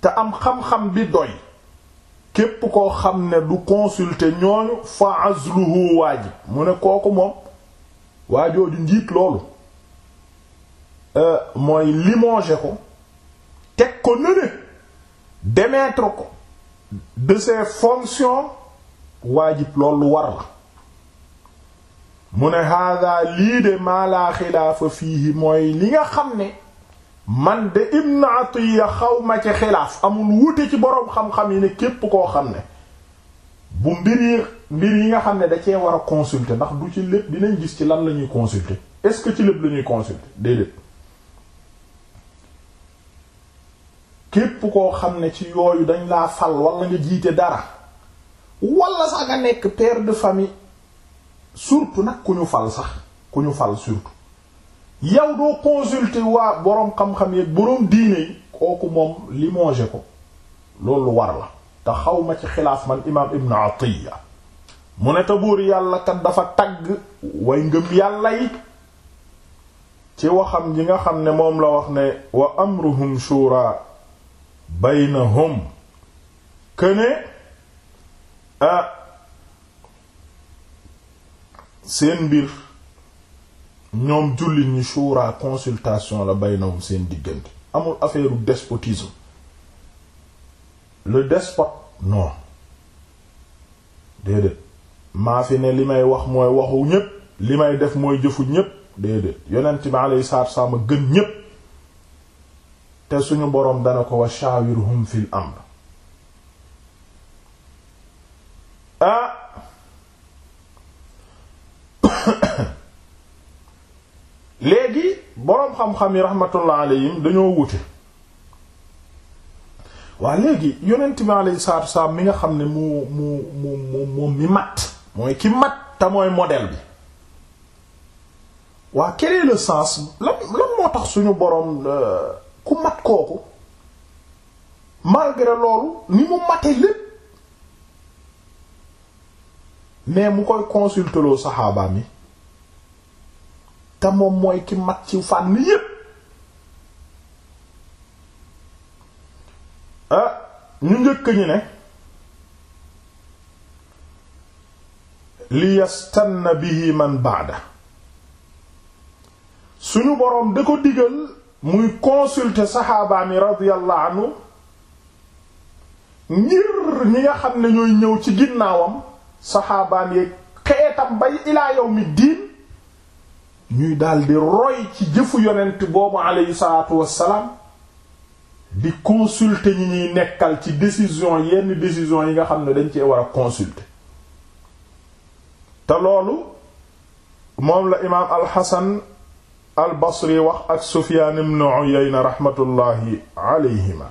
te am xam-xam bi doy képp koo xam ne du consulter ñooñu fa azluhu waajib mu ne kooku moom waajooju njiit loolu Euh, mooy limoger ko teg ko nële demetre ko de ses fonctions waajib loolu war la mu ne hada lii de maa laa xilaafa fiihi mooy li nga xam ne man de Ibn xaw ma ci xilaaf amul wute ci boroom xam-xam yi ne képp koo xam ne bu mbir yi mbir yi nga xam ne da cee war a consulter ndax du ci lépp dinañ gis ci lan la ñuy consulter est-ce que ci lépp la ñuy consulter déedéet képp koo xam ne ci yooyu dañ laa fal wala nga jiite dara wala sax nga nekk père de famille surtout nag ku ñu fal sax ku ñu fal surtout yow doo consulter waa boroom xam-xam yi boroom diine yi kooku moom limogé ko loolu war la te xaw ma ci xilaaf man imaam Ibn Atiya mu ne te yàlla kat dafa tagg way ngëm yàlla yi ci waxam ji nga xam ne moom la wax ne wa amruhum shura baynahum këne a seen mbir ñoom jullit ñi shura consultation la baynahum seen diggante amul affaire u despotisme le despote non déedéet maa fi ne li may wax mooy waxu ñépp li may def mooy jëfu ñépp déedéet yonent bi alayhi salaatu wa salaam a gën ñépp te suñu boroom dana ko wa shawirhum fil amr ah léegi boroom xam-xam yi rahmatullah alayhim dañoo wute waa léegi yonent bi alayhi salaatu wasalaam mi nga xam ne mu mu mu mu moom mi mat mooy ki mat te mooy modèle bi waa quel est sens lan lan moo tax suñu boroom euh, ku mat kooku malgré loolu ni mu mate lépp mais mu koy consulter loo mi te moom mooy ki mat ci fànn yépp ah ñu njëkk ñu ne li yastanna bihi man baada suñu boroom da ko digal muy consulté saxaabaa mi radiyallahu ngir ñi nga xam ne ñooy ñëw ci ginnaawam saxaabaan yeeg xeetam bay ilaa yawmi diin ñuy daldi roy ci jëfu yonent boobu aleyhi salaatu wassalaam di consulter ñi ñuy nekkal ci décision yenn décision yi nga xam ne dañ cee war a consulter te loolu moom la imaam al al-Basri wax ak Sufyaan ibn na raxmatullaahi alayhima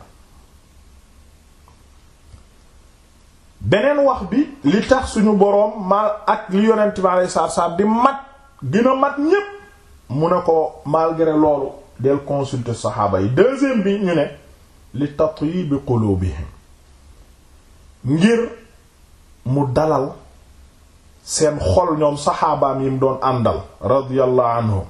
beneen wax bi li tax suñu boroom maal ak li yonent bi alayhi salaatu salaam di mat gën mat ñépp mu ne ko malgré loolu del consulter saxaaba yi deuxième bi ñu ne li tatyibi qulubihim ngir mu dalal seen xol ñoom saxaabaam yim doon àndal radiyallahu anhum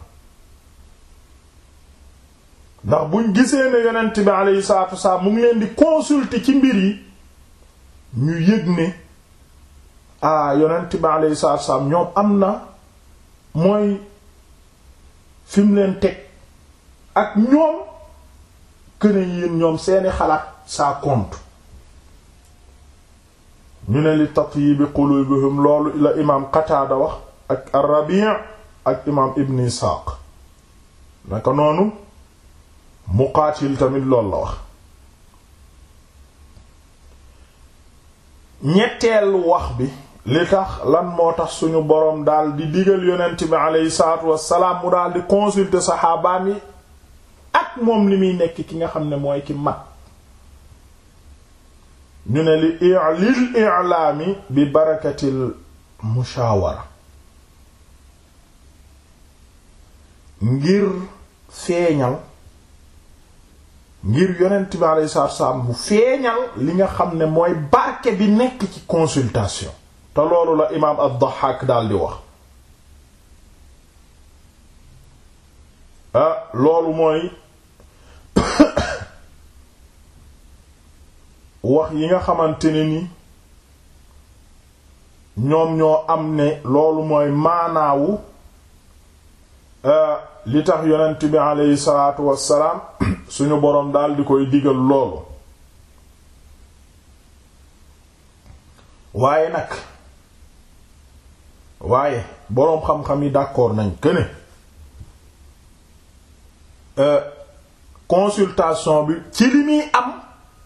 ndax buñ gisee ne yonent bi alayhi salaatu wasalaam mu ngi leen di consulter ci mbir yi ñu yëg ni ah yonent bi alayhi ñoom am na mooy fi mu leen ak ñoom këne yéen ñoom seeni xalaat ça compte ñu ne li tatyibi loolu la imaam Qataada wax ak ar-Rabi' ak imaam Ibn Isaaq naka noonu muqaatil tamit loolu la wax ñetteelu wax bi li tax lan moo tax suñu boroom daal di digal yonent bi aleyhi salaatu wassalaam mu daal di consulter saxaabaam yi ak moom li muy nekk ki nga xam ne mooy ki mat ñu ne li lil ilaami bi barakatil mushawara ngir feeñal ngir yonent bi alayhi salaatu salaam bu feeñal li nga xam ne mooy barke bi nekk ci consultation te loolu la imaam ad-Dahhaak daal di wax ah, loolu mooy wax yi nga xamante ne ni ñoom ñoo am ne loolu mooy maanaawu ah, li tax yonent bi alayhi salaatu wassalaam suñu boroom daal di koy digal loolu waaye nag waaye boroom xam-xam yi d'accord nañ këne euh, consultation bi ci li muy am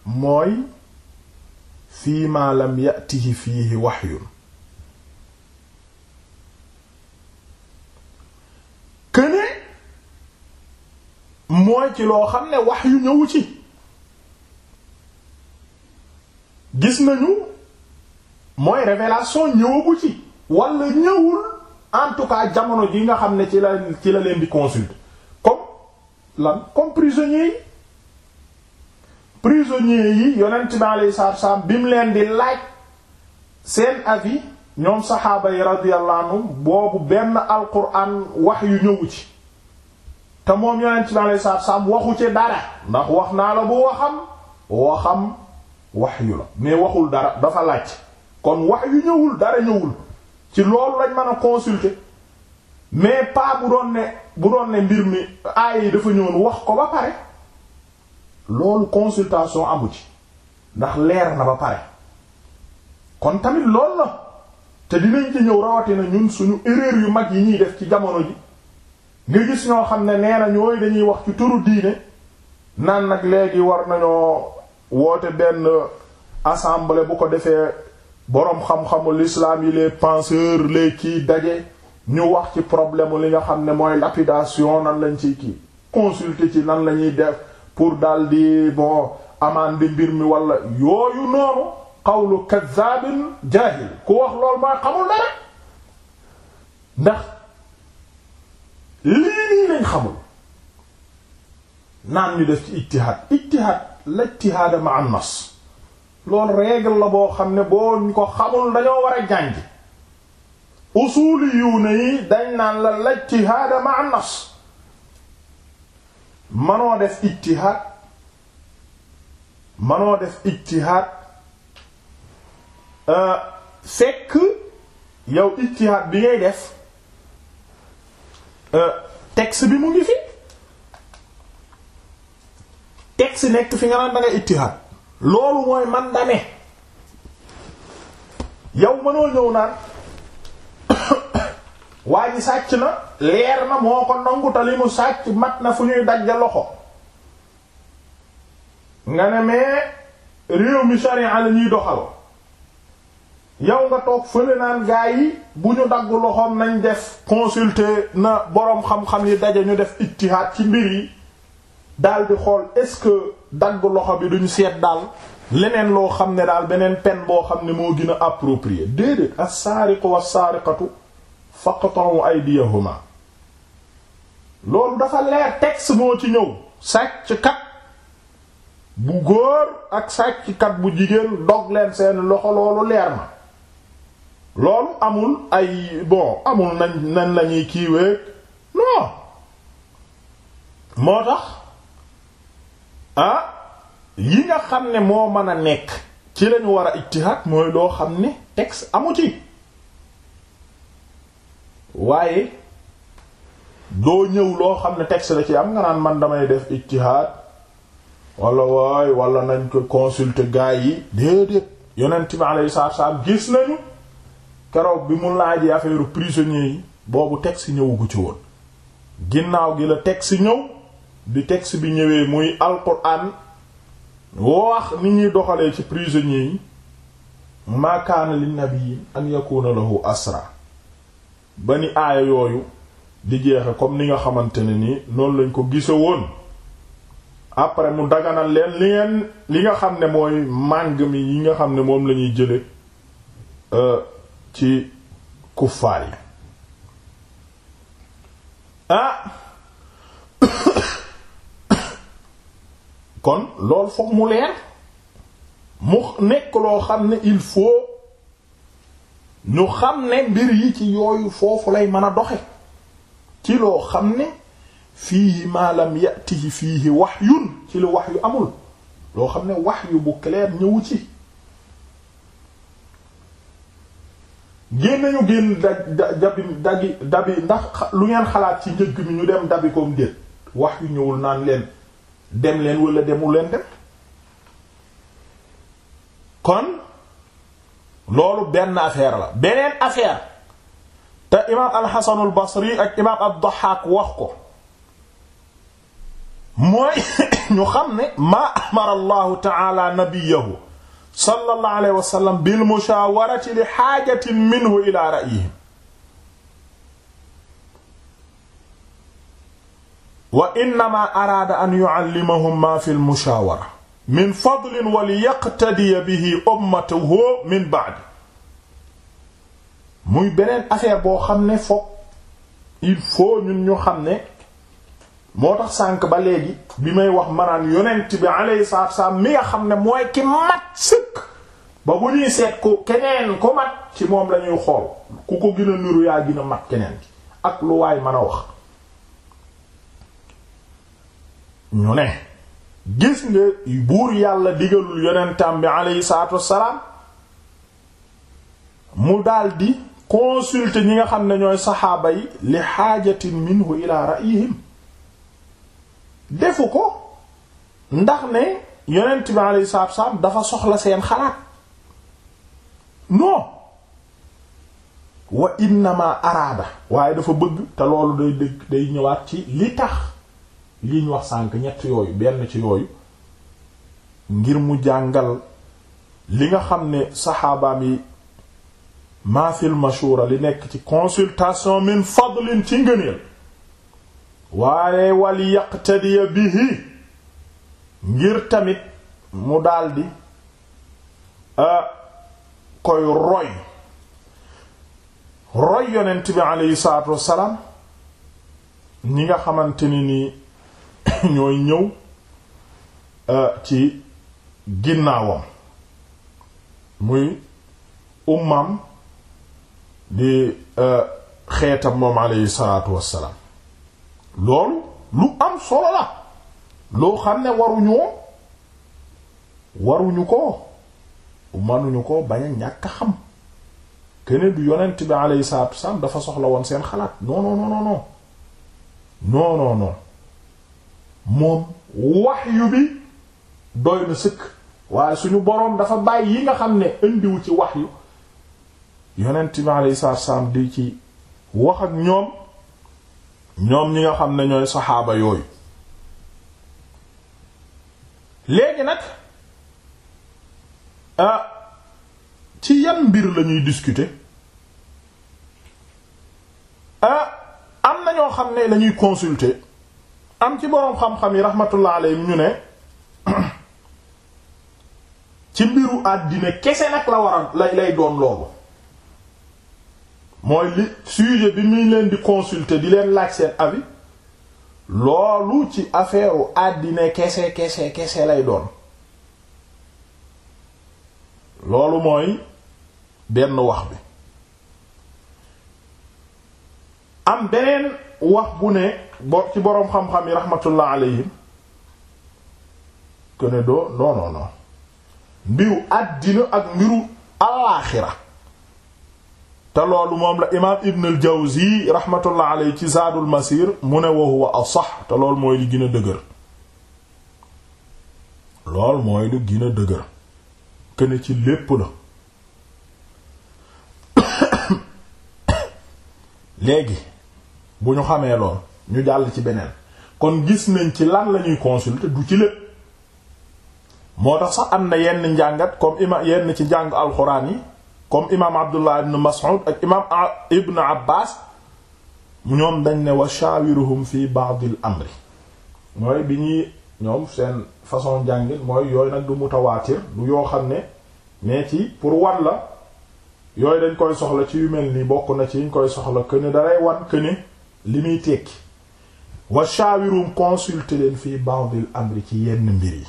mooy fii ma lam yatihi fiihi wahyun mooy ci loo xam ne wax yu ñëwu ci gis nañu mooy révélation ñëwagu ci wala ñëwul en tout cas jamono ji nga xam ne ci la ci la leen di consulte comme lan comme prisonniers yi prisonniers yi yonent bi alayhi salaatu salaam bi mu leen di laaj seen avis ñoom saxaaba yi radiyallahu boobu benn alquran wax yu ñëwu ci te moom yonent ci alei satu salaam waxu ci dara ndax wax naa la bu waxam waxam waxyu la mais waxul dara dafa laaj kon wax yu ñëwul dara ñëwul ci loolu lañ mën a consulter mais pas bu doon ne bu doon ne mbir mi aay yi dafa ñëwoon wax ko ba pare loolu consultation amu ci ndax leer na ba pare kon tamit lool la te dinañ ci ñëw rawatina ñun suñu erreur yu mag yi ñuy def ci jamono ji nga gis ñoo xam ne nee na ñooy dañuy wax ci turu diine naan nag léegi war nañoo woote benn assemblée bu ko defee boroom xam-xamu l'islam yi les penseurs les kii daje ñu wax ci problème li nga xam ne mooy lapidation nan lañ ci kii consulter ci nan la ñuy def pour daldi bon bi mbir mi walla yooyu noonu qawlu kazzabin jaahil ku wax loolu mooy xamul dara ndax lii nii lañ xamul naan ñu def ci ijtihaad ijtihaad la ijtihaada ma an nas loolu la boo xam ne boo ñu ko xamul dañoo war a jàng usuli yuuna yi dañ naan la la ijtihaada ma an manoo def ijtihaad manoo def ijtihaad sekk euh, yow ijtihaad bi ngay def Euh, texte bi mu ngi fi texte nekk fi nga naan da nga ittihaad loolu mooy man da yow mënoo ñëw naan waa ji sàcc na leer na moo ko nangu te li mu sàcc mat na fu ñuy dajja loxo nga ne mais réew mi charia la ñuy doxal yow nga toog fële naan gaa yi bu ñu dagg loxoom nañ def consulter na boroom xam-xam yi daje ñu def ittihaad ci mbir yi daal di xool est-ce que dagg loxo bi duñu seet daal leneen loo xam ne daal beneen peine boo xam ne moo gën a approprié déedéet as-saariqu was-saariqatu faqta'u aydiyahuma loolu dafa leer texte moo ci ñëw sàcc kat bu góor ak sàcc kat bu jigéen dog leen seen loxo loolu leer na loolu amul ay bon amul nañ nañ lañuy ñuy kiiwee non moo tax ah yi nga xam ne moo mën a nekk ci lañu war a ittihaad mooy loo xam ne texte amu ci waaye doo ñëw loo xam ne texte la ci am nga naan man damay def ittihaad wala waay wala nañ ko consulter gaa yi déedéet yonent bi alayhi salaatu salaam gis nañu. keroog bi mu laajee affaire prisonnier yi boobu teg texte ñëwugu ci woon ginnaaw gi la teg texte ñëw bi texte bi ñëwee muy alquran wax ni ñuy doxalee ci prisonnier yi ma kaana li nabi an yakuna lahu asra ba ni aaya yooyu di jeexe comme ni nga xamante ne ni noonu lañ ko gise woon après mu daganal leen li nga xam ne mooy màng mi yi nga xam ne moom lañuy jële euh, ci kuffaar yi ah kon loolu foog mu nekk loo xam ne il faut ñu xam ne mbir yi ci yooyu foofu lay mën a doxe ci loo xam ne fiihi ma lam yatihi fiihi wahyun ci lu yu amul loo xam ne wahyu bu clair ñëwu ci génn ñu génn da dabi dabi ndax lu ngeen xalaat ci njëkk mi ñu dem dabi koom déet wax yu ñëwul naan leen dem leen wala demul leen dem kon loolu benn affaire la beneen affaire te imaam alxasanul basri ak imaam ad-Dahhaak wax ko mooy ñu xam ne maa amara allahu taala nabiyahu sallallahu alayhi wa sallam bil mushawarati li xaajatin minhu ila ra'yihim wa innama araada an yu'allimahum ma fi al-mushawara min fadlin wa liyaqtadiya bihi ummatuhu min ba'di muy beneen affaire boo xam ne foog il faut ñun ñu xam ne moo tax sànq ba léegi bi may wax manaan yonent bi alayhi salaatu salaam mi nga xam ne mooy ki mat sëkk ba bu ñuy seet ko keneen ko mat ci moom lañuy ñuy xool ku ko gën a niru yaa gën mat keneen ak lu waay mën a wax ñu ne gis nga buur yàlla digalul yonentam bi alayhi salaatu wassalaam mu daldi consulter ñi nga xam ne ñooy saxaaba yi li xaajatin minhu ila ra'yihim defu ko ndax ne yonent bi alayhi salaatu salaam dafa soxla seen xalaat non wa innama araada waaye dafa bëgg te loolu day day ñëwaat ci li tax li wax sànk ñett yooyu benn ci yooyu ngir mu jàngal li nga xam ne saxaabaam yi ma fil li nekk ci consultation min fadlin ci ngëneel waaye wal yaqtadiya bihi ngir tamit mu daldi a koy roy roy yonent bi aleyhi salaatu wassalaam ñi nga xamante ni nii ñooy ñëw ci ginnaawam muy ummam di xeetam moom aleyhi salaatu wassalaam loolu lu am solo la loo xam ne waruñoo waruñu ko manuñu ko bañ a ñàkk xam kene du yonent bi alayhi salaatu dafa soxla woon seen xalaat non non non non non non bi doy na sëkk waaye suñu boroom dafa bàyyi yi nga xam ne indiwu ci wahyu yonent bi alayhi salaatu wasalaam di ci wax ak ñoom ñoom ñi nga xam ne ñooy saxaaba yooyu léegi nag ah, ci yan mbir la ñuy discuter ah, am na ñoo xam ne lañuy ñuy am ci boroom xam-xam yi rahmatullah alayhim ñu ne ci mbiru àddina kese nag la war lay lay doon loolu mooy li sujet bi muy leen di consulter di leen laaj seen avis loolu ci affaire u àddina kese kese kese lay doon loolu mooy benn wax bi am beneen wax bu ne bo ci boroom xam-xam yi rahmatullah alayhim que ne mbiru àddina ak mbiru alaaxira te loolu moom la imaam Ibn al-Jawzi rahmatullah alayhi ci Zaadul Masir mu ne wa huwa asax te loolu mooy li gën a dëgër lool mooy li gën dëgër kenn ci lépp la léegi bu ñu xamee lool ñu jàll ci beneen kon gis nañ ci lan la ñuy consulter du ci lépp moo tax sax am na yenn njàngat comme ima yenn ci njàng alxuraan yi. comme imaam abdullah ibn mas'ud ak imaam ibn abbas ñoom dañ ne wa shawiruhum fi ba'd al amri mooy bi ñuy ñoom seen façon jàngin mooy yooyu nag du mutawaatir du yoo xam ne mais ci pour wan la yooyu dañ koy soxla ci yu mel nii bokk na ci yuñ koy soxla que ne dalay wan que li muy tekki wa shawiruhum consulter leen fii ba'd al amri ci yenn mbir yi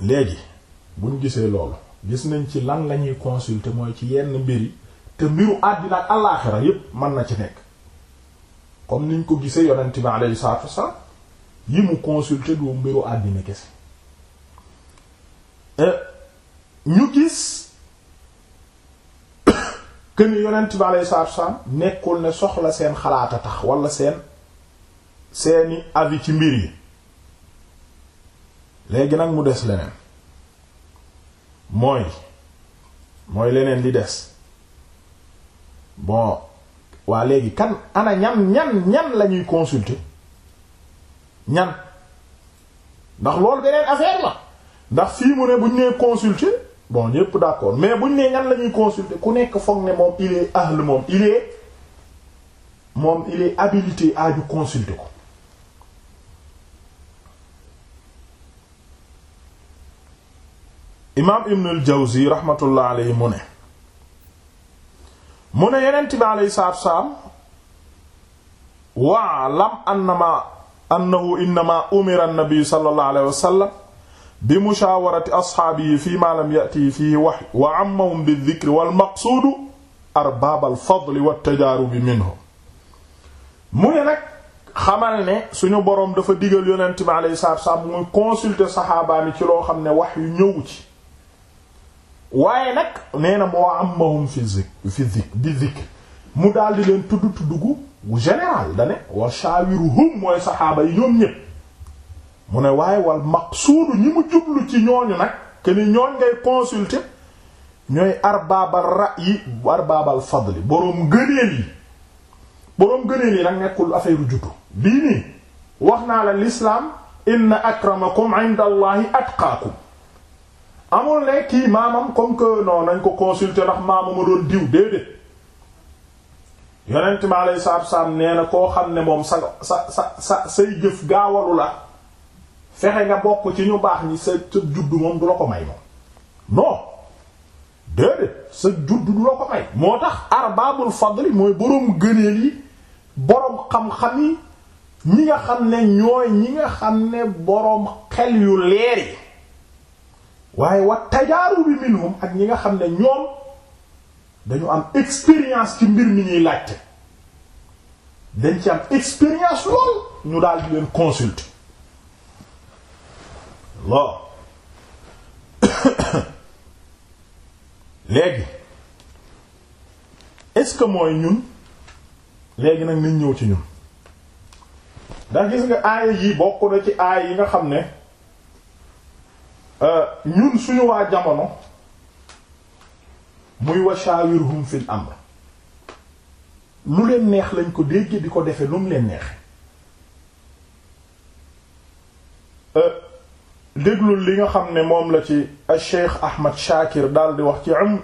léegi bu ñu gisee loolu gis nañ ci lan la ñuy consulter mooy ci yenn mbir yi te mbiru àddina ak àllaaxira yépp mën na ci nekk comme niñ ko gisee yonent bi alayhi salaatu wasalaam yi mu consulter du mbiru àddina kese eh, ñu gis këni yonent bi alayhi salaatu wasalaam nekkul ne soxla seen xalaat a tax wala seen seeni avis ci mbir yi léegi nag mu des leneen mooy mooy leneen li des bon waa léegi kan ana ñan ñan ñan la ñuy consulter ñan ndax loolu beneen affaire la ndax fii mu ne bu ñu nee consulter bon ñépp d'accord mais bu ñu nee ñan la ñuy consulter ku nekk foog ne moom il est ahl moom il est moom il est habilité à ko. imaam ibn al jawzi raxmatullah alayhi mu ne mu ne yeneent bi alayhi salaatu salaam waalam annama annahu innama umira annabi sallallahu alayhi wa sallam bi mushaawarati asxaabihi fii maa lam ya'ti wa ammahum bi dhikri wal maqsuudu arbaab al fadli wat mu ne nag xamal ne suñu boroom dafa digal yonent bi alayhi salaatu salaam muy ci loo xam ne wahyu ñëwu ci waaye nag nee na moo ammahum fi zikr fi zikr bi mu daldi leen tudd tudd gu général da ne wa shawiruhum mooy saxaaba yi ñoom ñépp mu ne waaye wal maqsuudu ñi mu jublu ci ñooñu nag que ni ñooñ ngay consulter ñooy arbaabal ra'yi arbaabal fadli boroom gëneel yi boroom gëneel yi nag nekkul affaire juddu bii nii wax naa la lislaam inna akramakum inda allahi amul ne kii maamam comme que nañ ko consulter ndax maamama doon diw déedéet yonent mi aleyhi salaatu salaam nee koo xam ne moom sa sa sa sa say jëf gaawalu la fexe nga bokk ci ñu baax ñi sa sa juddu moom du la ko may moom non déedéet sa juddu du la ko may moo tax arbaabul fadli mooy boroom gëneel yi boroom xam-xam yi ñi nga xam ne ñooy ñi nga xam ne boroom xel yu leer yi waaye wa tajaarubi minhum ak ñi nga xam ne ñoom dañu am expérience ci mbir mi ñuy laajte dañ ci am expérience lool ñu daal di leen consulter bon léegi est-ce que mooy ñun léegi nag nañ ñëw ci ñun ndax gis nga aaya yi bokk na ci aaya yi nga xam ne. Euh, ñun suñu waa jamono muy washawirhum fil amr lu leen neex lañ ko dégg di ko defee lu mu leen neexe euh, déglul li nga xam ne moom la ci Cheikh Ahmad Shakir daal di wax ci am